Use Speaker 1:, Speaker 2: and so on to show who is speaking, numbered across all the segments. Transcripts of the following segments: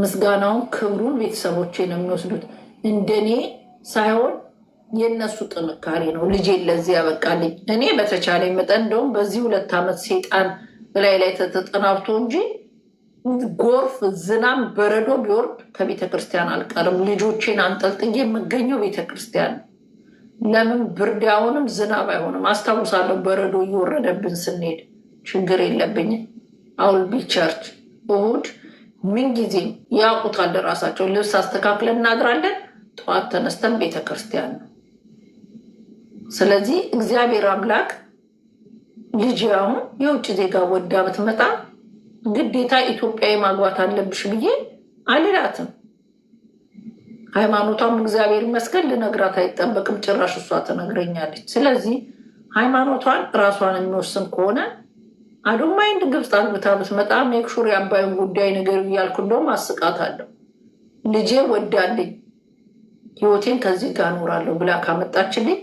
Speaker 1: ምስጋናውን ክብሩን ቤተሰቦቼ ነው የሚወስዱት። እንደኔ ሳይሆን የእነሱ ጥንካሬ ነው ልጄን ለዚህ ያበቃልኝ። እኔ በተቻለ መጠን እንደውም በዚህ ሁለት ዓመት ሴጣን በላይ ላይ ተጠናብቶ እንጂ ጎርፍ፣ ዝናብ፣ በረዶ ቢወርድ ከቤተክርስቲያን አልቀርም። ልጆቼን አንጠልጥዬ የምገኘው ቤተክርስቲያን ነው። ለምን ብርድ አሁንም ዝናብ አይሆንም። አስታውሳለሁ በረዶ እየወረደብን ስንሄድ ችግር የለብኝም አውልቢ ቸርች እሁድ? ምንጊዜ ያውቁታል ራሳቸው። ልብስ አስተካክለን እናድራለን። ጠዋት ተነስተን ቤተክርስቲያን ነው። ስለዚህ እግዚአብሔር አምላክ ልጅ አሁን የውጭ ዜጋ ወዳ ብትመጣ ግዴታ ኢትዮጵያዊ ማግባት አለብሽ ብዬ አልላትም። ሃይማኖቷም እግዚአብሔር ይመስገን ልነግራት አይጠበቅም። ጭራሽ እሷ ትነግረኛለች። ስለዚህ ሃይማኖቷን ራሷን የሚወስን ከሆነ አዶ ግብፅ አንግታ ብትመጣ ሜክሹር የአባይን ጉዳይ ነገር እያልኩ እንደውም አስቃታለሁ። ልጄ ወዳልኝ ህይወቴን ከዚህ ጋር እኖራለሁ ብላ ካመጣችልኝ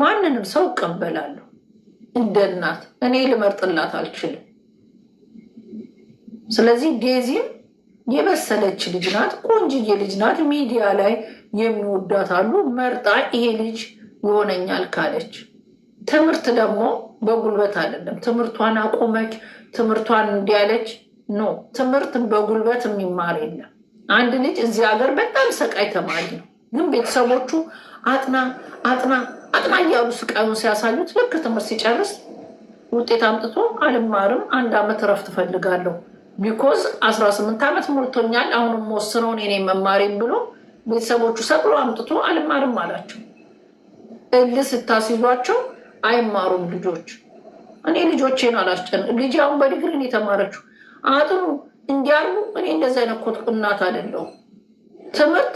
Speaker 1: ማንንም ሰው እቀበላለሁ እንደ እናት። እኔ ልመርጥላት አልችልም። ስለዚህ ዴዚም የበሰለች ልጅ ናት፣ ቆንጅዬ ልጅ ናት። ሚዲያ ላይ የሚወዳት አሉ። መርጣ ይሄ ልጅ ይሆነኛል ካለች ትምህርት ደግሞ በጉልበት አይደለም። ትምህርቷን አቆመች፣ ትምህርቷን እንዲያለች ኖ ትምህርት በጉልበት የሚማር የለም። አንድ ልጅ እዚህ ሀገር በጣም ሰቃይ ተማሪ ነው፣ ግን ቤተሰቦቹ አጥና አጥና አጥና እያሉ ስቃዩን ሲያሳዩት ልክ ትምህርት ሲጨርስ ውጤት አምጥቶ አልማርም አንድ ዓመት እረፍት እፈልጋለሁ ቢኮዝ አስራ ስምንት ዓመት ሞልቶኛል አሁን ወስነውን እኔ መማሬም ብሎ ቤተሰቦቹ ሰቅሎ አምጥቶ አልማርም አላቸው። እልህ ስታስይዟቸው አይማሩም ልጆች። እኔ ልጆቼን አላስጨን ልጅ አሁን በዲግሪን የተማረችው አጥኑ እንዲያሉ እኔ እንደዚ አይነት ኮት እናት አይደለሁም። ትምህርት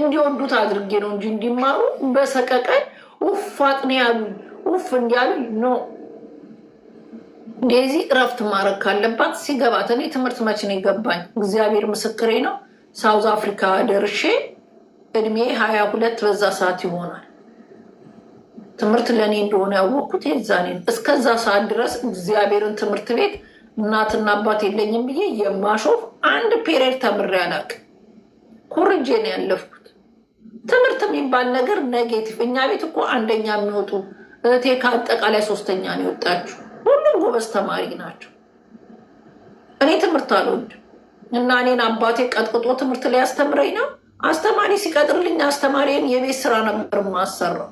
Speaker 1: እንዲወዱት አድርጌ ነው እንጂ እንዲማሩ በሰቀቀን ውፍ አጥኔ ያሉ ውፍ እንዲያሉ ኖ እንደዚህ እረፍት ማድረግ ካለባት ሲገባት። እኔ ትምህርት መቼ ነው የገባኝ? እግዚአብሔር ምስክሬ ነው። ሳውዝ አፍሪካ ደርሼ እድሜ ሀያ ሁለት በዛ ሰዓት ይሆናል ትምህርት ለእኔ እንደሆነ ያወቅኩት የዛኔ ነው። እስከዛ ሰዓት ድረስ እግዚአብሔርን ትምህርት ቤት እናትና አባት የለኝም ብዬ የማሾፍ አንድ ፔሬድ ተምሬ አላውቅም። ኮርጄ ነው ያለፍኩት። ትምህርት የሚባል ነገር ነጌቲቭ። እኛ ቤት እኮ አንደኛ የሚወጡ እህቴ ከአጠቃላይ ሶስተኛ ነው የወጣችሁ። ሁሉም ጎበዝ ተማሪ ናቸው። እኔ ትምህርት አልወድም እና እኔን አባቴ ቀጥቅጦ ትምህርት ላይ ያስተምረኝ ነው። አስተማሪ ሲቀጥርልኝ አስተማሪን የቤት ስራ ነበር ማሰራው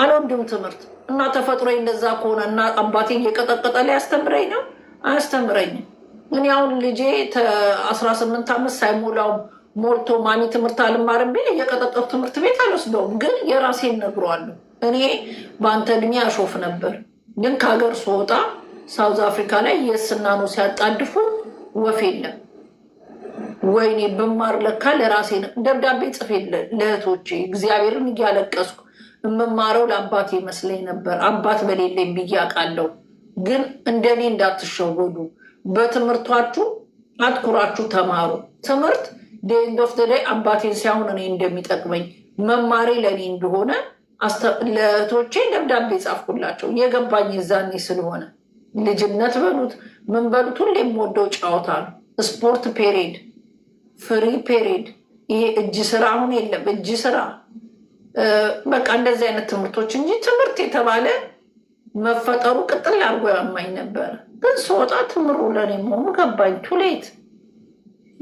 Speaker 1: አልወድም ትምህርት እና ተፈጥሮ እንደዛ ከሆነ እና አባቴን የቀጠቀጠ ላይ አስተምረኝ ነው አያስተምረኝም። እኔ አሁን ልጄ አስራ ስምንት ዓመት ሳይሞላው ሞልቶ ማሚ ትምህርት አልማርም ቢል እየቀጠቀጡ ትምህርት ቤት አልወስደውም፣ ግን የራሴን እነግረዋለሁ። እኔ በአንተ እድሜ አሾፍ ነበር፣ ግን ከሀገር ስወጣ ሳውዝ አፍሪካ ላይ የስና ነው ሲያጣድፉ ወፍ የለም። ወይኔ ብማር ለካ ለራሴ ደብዳቤ ጽፌ ለእህቶቼ እግዚአብሔርን እያለቀስኩ የምማረው ለአባት ይመስለኝ ነበር። አባት በሌለኝ ብዬ አውቃለሁ። ግን እንደኔ እንዳትሸወዱ፣ በትምህርቷችሁ አትኩራችሁ ተማሩ። ትምህርት ደንድ ኦፍ ተዳይ አባቴን ሳይሆን እኔ እንደሚጠቅመኝ መማሬ ለእኔ እንደሆነ ለእህቶቼ ደብዳቤ ጻፍኩላቸው የገባኝ ዛኔ ስለሆነ ልጅነት በሉት ምን በሉት ሁሌ የምወደው ጫወታ ነው። ስፖርት ፔሬድ፣ ፍሪ ፔሬድ፣ ይሄ እጅ ስራ አሁን የለም እጅ ስራ በቃ እንደዚህ አይነት ትምህርቶች እንጂ ትምህርት የተባለ መፈጠሩ ቅጥል አርጎ ያማኝ ነበር። ግን ስወጣ ትምሩ ለኔ መሆኑ ገባኝ። ቱሌት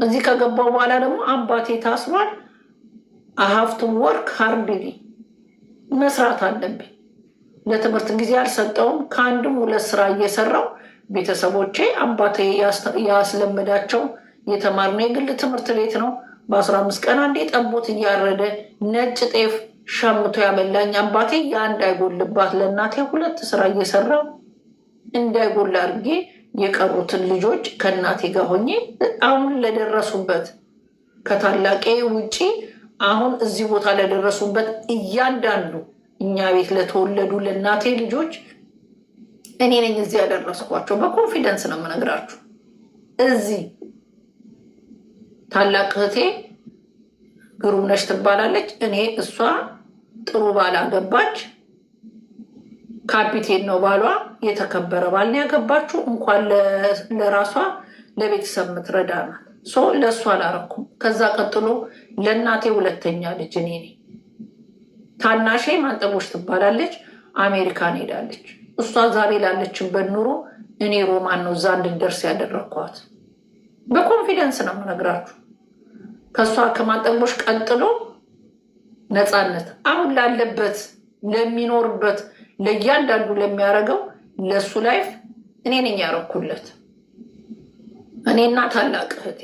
Speaker 1: እዚህ ከገባው በኋላ ደግሞ አባቴ ታስሯል። አሀፍቱ ወርክ ሀርድሊ መስራት አለብኝ። ለትምህርት ጊዜ አልሰጠውም። ከአንድም ሁለት ስራ እየሰራው ቤተሰቦቼ አባቴ ያስለመዳቸው የተማርነው የግል ትምህርት ቤት ነው። በአስራ አምስት ቀን አንዴ ጠቦት እያረደ ነጭ ጤፍ ሸምቶ ያበላኝ አባቴ እንዳይጎልባት ለእናቴ ሁለት ስራ እየሰራ እንዳይጎል አድርጌ የቀሩትን ልጆች ከእናቴ ጋር ሆኜ አሁን ለደረሱበት ከታላቄ ውጪ አሁን እዚህ ቦታ ለደረሱበት እያንዳንዱ እኛ ቤት ለተወለዱ ለእናቴ ልጆች እኔ ነኝ እዚህ ያደረስኳቸው። በኮንፊደንስ ነው የምነግራችሁ። እዚህ ታላቅ እህቴ ግሩምነሽ ትባላለች። እኔ እሷ ጥሩ ባል አገባች። ካፒቴን ነው ባሏ፣ የተከበረ ባል ነው ያገባችው። እንኳን ለራሷ ለቤተሰብ ምትረዳ ናት። ሶ ለእሱ አላረኩም። ከዛ ቀጥሎ ለእናቴ ሁለተኛ ልጅ እኔ ነኝ። ታናሼ ማንጠቦች ትባላለች፣ አሜሪካን ሄዳለች። እሷ ዛሬ ላለችበት ኑሮ እኔ ሮማን ነው እዛ እንድደርስ ያደረግኳት። በኮንፊደንስ ነው የምነግራችሁ። ከእሷ ከማንጠቦች ቀጥሎ ነፃነት አሁን ላለበት ለሚኖርበት ለእያንዳንዱ ለሚያደርገው ለእሱ ላይፍ እኔ ነኝ ያረኩለት። እኔና ታላቅ እህቴ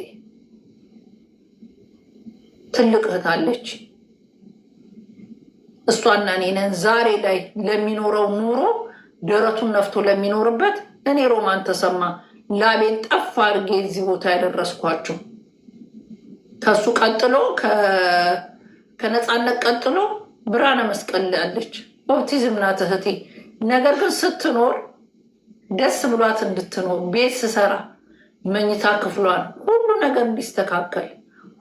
Speaker 1: ትልቅ እህት አለች። እሷና እኔ ዛሬ ላይ ለሚኖረው ኑሮ ደረቱን ነፍቶ ለሚኖርበት እኔ ሮማን ተሰማ ላቤን ጠፍ አድርጌ እዚህ ቦታ ያደረስኳቸው ከሱ ቀጥሎ ከነፃነት ቀጥሎ ብርሃነ መስቀል ያለች ኦፕቲዝም ናት እህቴ። ነገር ግን ስትኖር ደስ ብሏት እንድትኖር ቤት ስሰራ መኝታ ክፍሏን ሁሉ ነገር እንዲስተካከል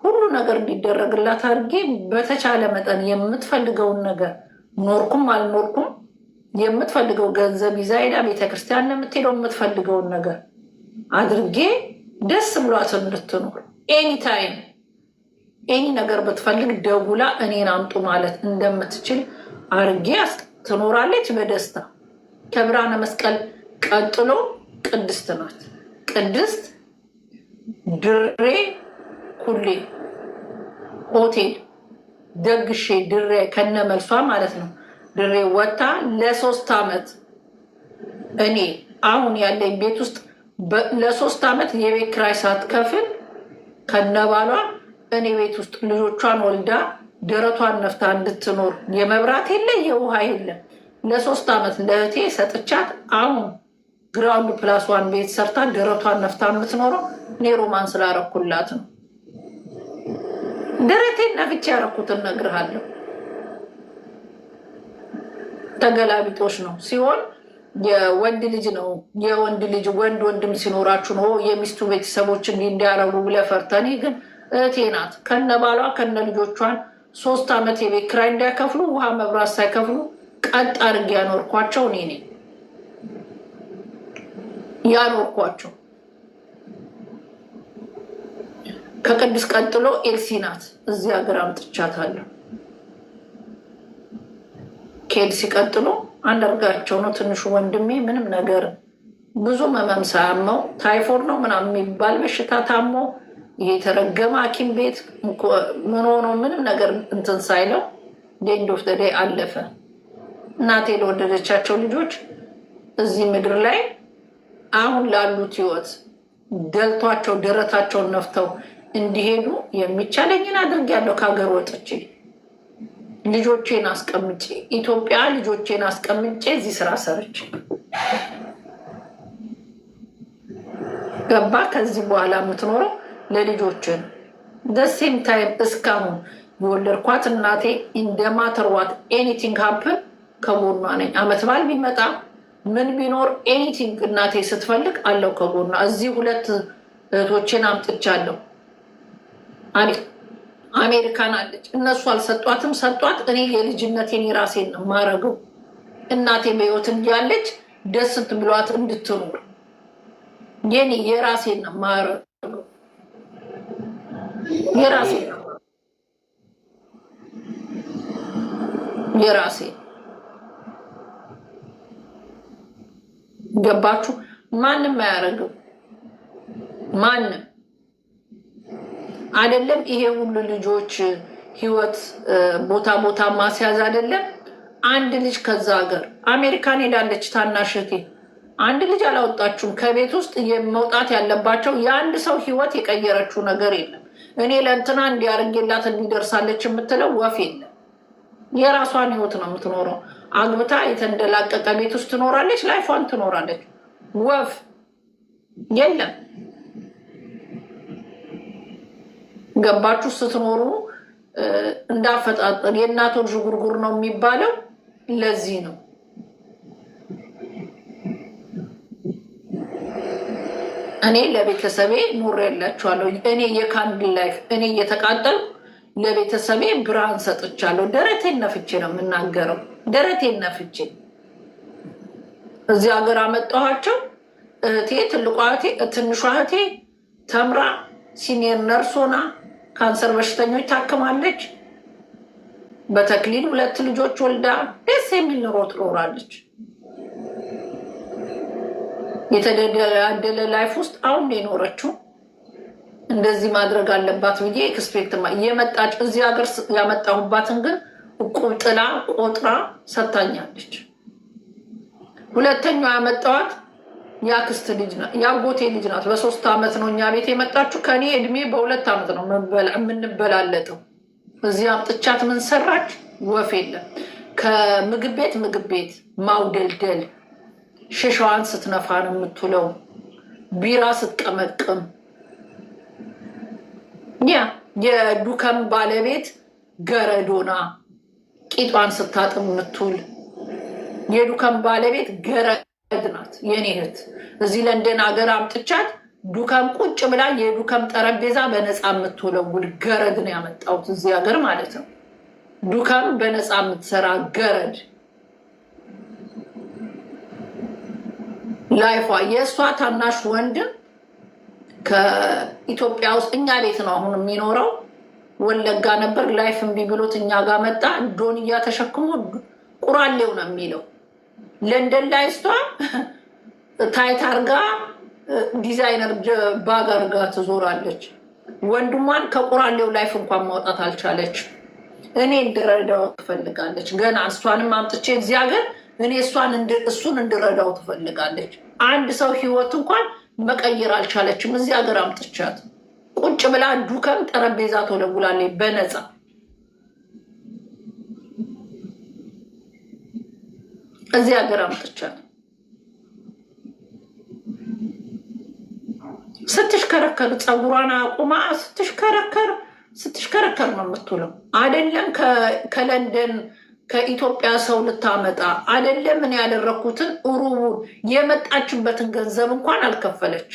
Speaker 1: ሁሉ ነገር እንዲደረግላት አድርጌ በተቻለ መጠን የምትፈልገውን ነገር ኖርኩም አልኖርኩም የምትፈልገው ገንዘብ ይዛ ሄዳ ቤተክርስቲያን የምትሄደው የምትፈልገውን ነገር አድርጌ ደስ ብሏት እንድትኖር ኤኒታይም ኤኒ ነገር ብትፈልግ ደውላ እኔን አምጡ ማለት እንደምትችል አርጌ ትኖራለች በደስታ። ከብርሃነ መስቀል ቀጥሎ ቅድስት ናት። ቅድስት ድሬ ኩሌ ሆቴል ደግሼ ድሬ ከነመልሷ ማለት ነው። ድሬ ወታ ለሶስት ዓመት እኔ አሁን ያለኝ ቤት ውስጥ ለሶስት ዓመት የቤት ኪራይ ሳትከፍል ከነባሏ እኔ ቤት ውስጥ ልጆቿን ወልዳ ደረቷን ነፍታ እንድትኖር የመብራት የለ የውሃ የለም። ለሶስት ዓመት ለእህቴ ሰጥቻት አሁን ግራውንድ ፕላስ ዋን ቤት ሰርታ ደረቷን ነፍታ የምትኖረው እኔ ሮማን ስላረኩላት ነው። ደረቴን ነፍቼ ያረኩትን ነግርሃለሁ። ተገላቢጦች ነው ሲሆን የወንድ ልጅ ነው የወንድ ልጅ ወንድ ወንድም ሲኖራችሁ ነው የሚስቱ ቤተሰቦች እንዲህ እንዲያረጉ ብለህ ፈርተህ እኔ ግን እህቴ ናት ከነ ባሏ ከነ ልጆቿን ሶስት ዓመት የቤት ክራይ እንዳይከፍሉ ውሃ መብራት ሳይከፍሉ ቀጥ አድርጌ ያኖርኳቸው እኔ ነኝ ያኖርኳቸው። ከቅድስ ቀጥሎ ኤልሲ ናት። እዚህ ሀገር አምጥቻታለሁ። ከኤልሲ ቀጥሎ አንዳርጋቸው ነው ትንሹ ወንድሜ። ምንም ነገር ብዙ መመም ሳያመው ታይፎድ ነው ምናምን የሚባል በሽታ ታሞ የተረገመ ሐኪም ቤት ምን ሆኖ ምንም ነገር እንትን ሳይለው ዴንድ ኦፍ ደደይ አለፈ። እናቴ ለወደደቻቸው ልጆች እዚህ ምድር ላይ አሁን ላሉት ህይወት ደልቷቸው ደረታቸውን ነፍተው እንዲሄዱ የሚቻለኝን አድርጌያለሁ። ከሀገር ወጥቼ ልጆቼን አስቀምጬ ኢትዮጵያ ልጆቼን አስቀምጬ እዚህ ስራ ሰረች ገባ። ከዚህ በኋላ የምትኖረው ለልጆችን ደሴም ታይም እስካሁን የወለድኳት እናቴ እንደማተርዋት ኤኒቲንግ ሀፕን ከጎኗ ነኝ። አመት በዓል ቢመጣ ምን ቢኖር ኤኒቲንግ እናቴ ስትፈልግ አለው ከጎኗ። እዚህ ሁለት እህቶቼን አምጥቻለሁ። አሜሪካን አለች። እነሱ አልሰጧትም፣ ሰጧት። እኔ የልጅነቴን የራሴን ማረገው እናቴ በህይወት እንዲያለች ደስት ብሏት እንድትኖር የኔ የራሴን ማረገው የራሴ የራሴ ገባችሁ? ማንም አያደርግም። ማንም አይደለም። ይሄ ሁሉ ልጆች ህይወት ቦታ ቦታ ማስያዝ አይደለም። አንድ ልጅ ከዛ ሀገር አሜሪካን ሄዳለች ታናሽ እህቴ አንድ ልጅ አላወጣችሁም። ከቤት ውስጥ መውጣት ያለባቸው የአንድ ሰው ህይወት የቀየረችው ነገር የለም። እኔ ለእንትና እንዲያርጌላት እንዲደርሳለች የምትለው ወፍ የለም። የራሷን ህይወት ነው የምትኖረው። አግብታ የተንደላቀቀ ቤት ውስጥ ትኖራለች፣ ላይፏን ትኖራለች። ወፍ የለም። ገባችሁ? ስትኖሩ እንዳፈጣጠር ልጅ ጉርጉር ነው የሚባለው። ለዚህ ነው እኔ ለቤተሰቤ ኑር ያላችኋለሁ። እኔ የካንድ ላይፍ እኔ እየተቃጠሉ ለቤተሰቤ ብርሃን ሰጥቻለሁ። ደረቴን ነፍቼ ነው የምናገረው። ደረቴን ነፍቼ እዚህ ሀገር አመጣኋቸው። እህቴ ትልቋ እህቴ ትንሿ እህቴ ተምራ ሲኒየር ነርስ ሆና ካንሰር በሽተኞች ታክማለች። በተክሊል ሁለት ልጆች ወልዳ ደስ የሚል ኑሮ ትኖራለች። የተደላደለ ላይፍ ውስጥ አሁን የኖረችው እንደዚህ ማድረግ አለባት ብዬ ኤክስፔክት የመጣች እዚህ ሀገር ያመጣሁባትን ግን ቁጥላ ቆጥራ ሰታኛለች። ሁለተኛው ያመጣዋት የአክስት ልጅ ናት፣ የአጎቴ ልጅ ናት። በሶስት ዓመት ነው እኛ ቤት የመጣችው። ከኔ እድሜ በሁለት ዓመት ነው የምንበላለጠው። እዚህ አምጥቻት ምን ሰራች? ወፍ የለም። ከምግብ ቤት ምግብ ቤት ማውደልደል ሽሻዋን ስትነፋን የምትውለው፣ ቢራ ስትቀመቅም። ያ የዱከም ባለቤት ገረዶና ቂጧን ስታጥም የምትውል የዱከም ባለቤት ገረድ ናት። የኔ እህት እዚህ ለንደን ሀገር አምጥቻት ዱከም ቁጭ ብላ የዱከም ጠረጴዛ በነፃ የምትወለውል ገረድ ነው ያመጣሁት እዚህ ሀገር ማለት ነው። ዱከም በነፃ የምትሰራ ገረድ ላይፏ የእሷ ታናሽ ወንድም ከኢትዮጵያ ውስጥ እኛ ቤት ነው አሁን የሚኖረው። ወለጋ ነበር። ላይፍ እምቢ ብሎት እኛ ጋር መጣ። ዶንያ ተሸክሞ ቁራሌው ነው የሚለው። ለንደን ላይ እሷ ታይት አርጋ ዲዛይነር ባግ አርጋ ትዞራለች። ወንድሟን ከቁራሌው ላይፍ እንኳን ማውጣት አልቻለች። እኔ እንድረዳው ትፈልጋለች። ገና እሷንም አምጥቼ እዚህ ሀገር እኔ እሷን እሱን እንድረዳው ትፈልጋለች። አንድ ሰው ህይወት እንኳን መቀየር አልቻለችም። እዚህ ሀገር አምጥቻት ቁጭ ብላ ዱከም ጠረጴዛ ተወለውላለች በነፃ እዚህ ሀገር አምጥቻት ስትሽከረከር ፀጉሯን አቁማ ስትሽከረከር ስትሽከረከር ነው የምትውለው። አይደለም ከለንደን ከኢትዮጵያ ሰው ልታመጣ አይደለም። ምን ያደረግኩትን ሩቡን የመጣችበትን ገንዘብ እንኳን አልከፈለች።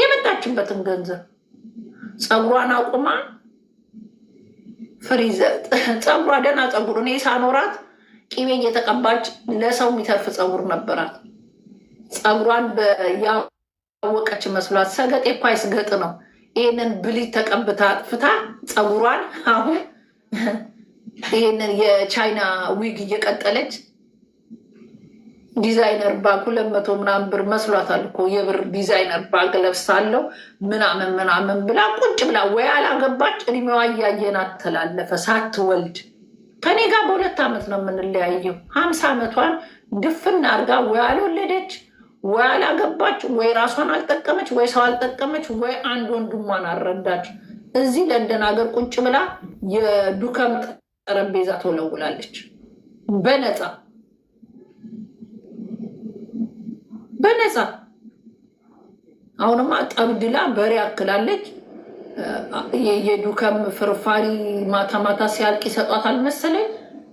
Speaker 1: የመጣችበትን ገንዘብ ፀጉሯን አቁማ ፍሪዘ ፀጉሯ ደህና ፀጉር እኔ ሳኖራት ቂቤ እየተቀባች ለሰው የሚተርፍ ፀጉር ነበራት። ፀጉሯን ያወቀች መስሏት ሰገጤ እኮ አይስገጥ ነው። ይህንን ብሊት ተቀብታ ፍታ ፀጉሯን አሁን ይህንን የቻይና ዊግ እየቀጠለች ዲዛይነር ባግ ሁለት መቶ ምናምን ብር መስሏታል እኮ የብር ዲዛይነር ባግ ለብሳለው ምናምን ምናምን ብላ ቁጭ ብላ ወይ አላገባች እድሜዋ እያየናት ተላለፈ ሳትወልድ ከኔ ጋር በሁለት ዓመት ነው የምንለያየው። ሀምሳ ዓመቷን ድፍና አርጋ ወይ አልወለደች ወይ አላገባች ወይ ራሷን አልጠቀመች ወይ ሰው አልጠቀመች ወይ አንድ ወንድሟን አልረዳች። እዚህ ለንደን ሀገር ቁጭ ብላ የዱከምጥ ጠረጴዛ ትወለውላለች በነፃ በነፃ። አሁንማ ጠብድላ በሬ አክላለች። የዱከም ፍርፋሪ ማታ ማታ ሲያልቅ ይሰጧታል መሰለኝ።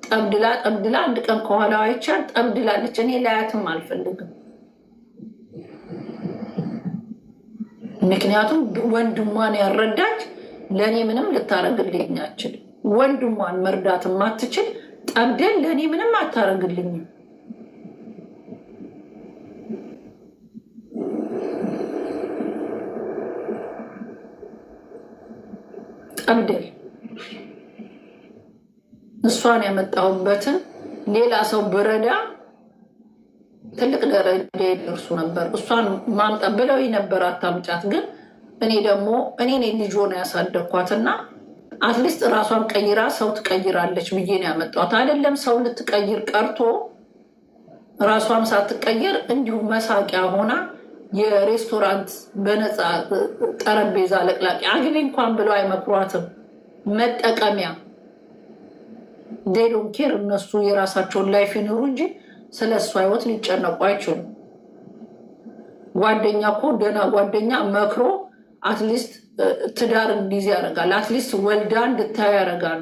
Speaker 1: ጠብድላ ጠብድላ አንድ ቀን ከኋላ አይቻል ጠብድላለች። እኔ ላያትም አልፈልግም። ምክንያቱም ወንድሟን ያረዳች ለእኔ ምንም ልታረግልኝ ወንድሟን መርዳት የማትችል ጠብደን ለእኔ ምንም አታረግልኝም። ጠብደል እሷን ያመጣሁበትን ሌላ ሰው ብረዳ ትልቅ ደረጃ ይደርሱ ነበር። እሷን ማምጣት ብለው ነበር አታምጫት። ግን እኔ ደግሞ እኔ ልጅ ሆነ ያሳደግኳትና አትሊስት ራሷን ቀይራ ሰው ትቀይራለች ብዬ ነው ያመጣት። አይደለም ሰው ልትቀይር ቀርቶ ራሷም ሳትቀየር እንዲሁ መሳቂያ ሆና የሬስቶራንት በነፃ ጠረጴዛ ለቅላቂ አግቢ እንኳን ብለው አይመክሯትም። መጠቀሚያ ዴዶን ኬር እነሱ የራሳቸውን ላይፍ ይኖሩ እንጂ ስለ እሱ ህይወት ሊጨነቁ አይችሉም። ጓደኛ እኮ ደህና ጓደኛ መክሮ አትሊስት ትዳር እንዲይዝ ያደርጋል። አትሊስት ወልዳ እንድታዩ ያደርጋሉ።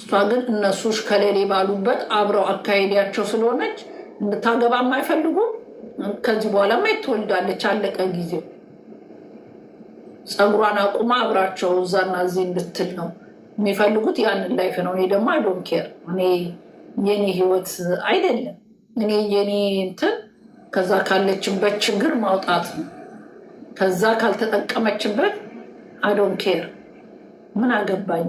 Speaker 1: እሷ ግን እነሱ ከሌሌ ባሉበት አብረው አካሄዳቸው ስለሆነች እንድታገባ አይፈልጉም። ከዚህ በኋላማ ትወልዳለች፣ አለቀ ጊዜው። ፀጉሯን አቁማ አብራቸው እዛና እዚህ እንድትል ነው የሚፈልጉት። ያንን ላይፍ ነው። እኔ ደግሞ አይዶን ኬር። እኔ የኔ ህይወት አይደለም። እኔ የኔ እንትን ከዛ ካለችበት ችግር ማውጣት ነው። ከዛ ካልተጠቀመችበት አዶን ኬር ምን አገባኝ።